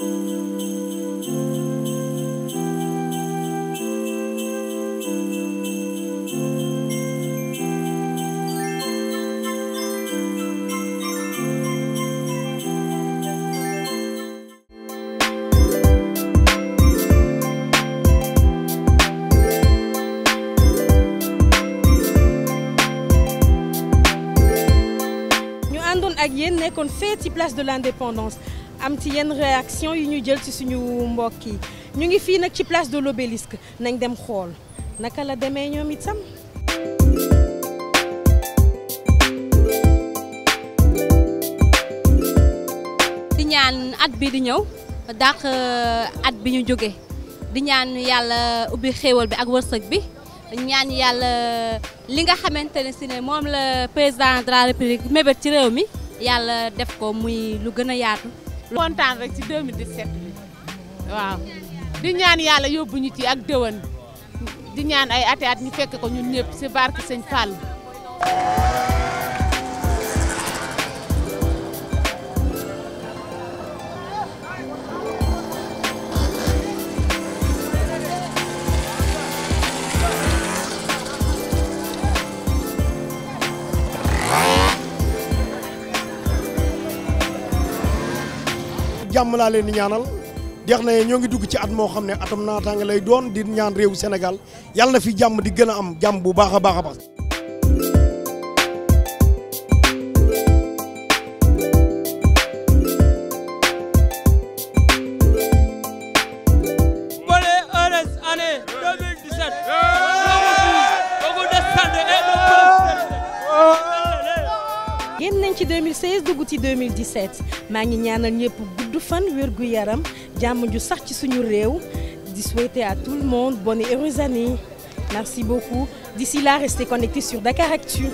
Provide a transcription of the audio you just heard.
Nous avons qu'on la place de l'indépendance am ci yenn réaction yu ñu jël ci suñu mbokk yi ñu ngi fii nag ci place de l'obélisque nañ dem xool naka la demee ñoom itam. di ñaan at bi di ñëw dàq euh, at bi ñu jóge di ñaan yàlla ubbi xéewal bi ak wërsëg bi ñaan yàlla euh, li nga xamante ne si ne moom président de la république mébét ci réew mi yàlla def ko muy lu gën yaatu. kontaan rek ci 2017 bi waaw di ñaan yàlla yóbbu ñu ci ak déwén di ñaan ay ati at ñu fekk ko ñun ñëpp ci barke Sëñ jàmm laa leen di ñaanal deex na ñoo ngi dugg ci at moo xam ne atam naataange lay doon di ñaan réewu senegal yàlla na fi jàmm di gën a am jàmm bu baax a baax a génn 2016 et en 2017 ma ngi ñaanal ñëpp gudd fan wér gu yaram jàmm ju sax ci suñu réew di souhaiter à tout le monde bonne et heureuse année merci beaucoup d'ici là restez connectés sur Dakaractu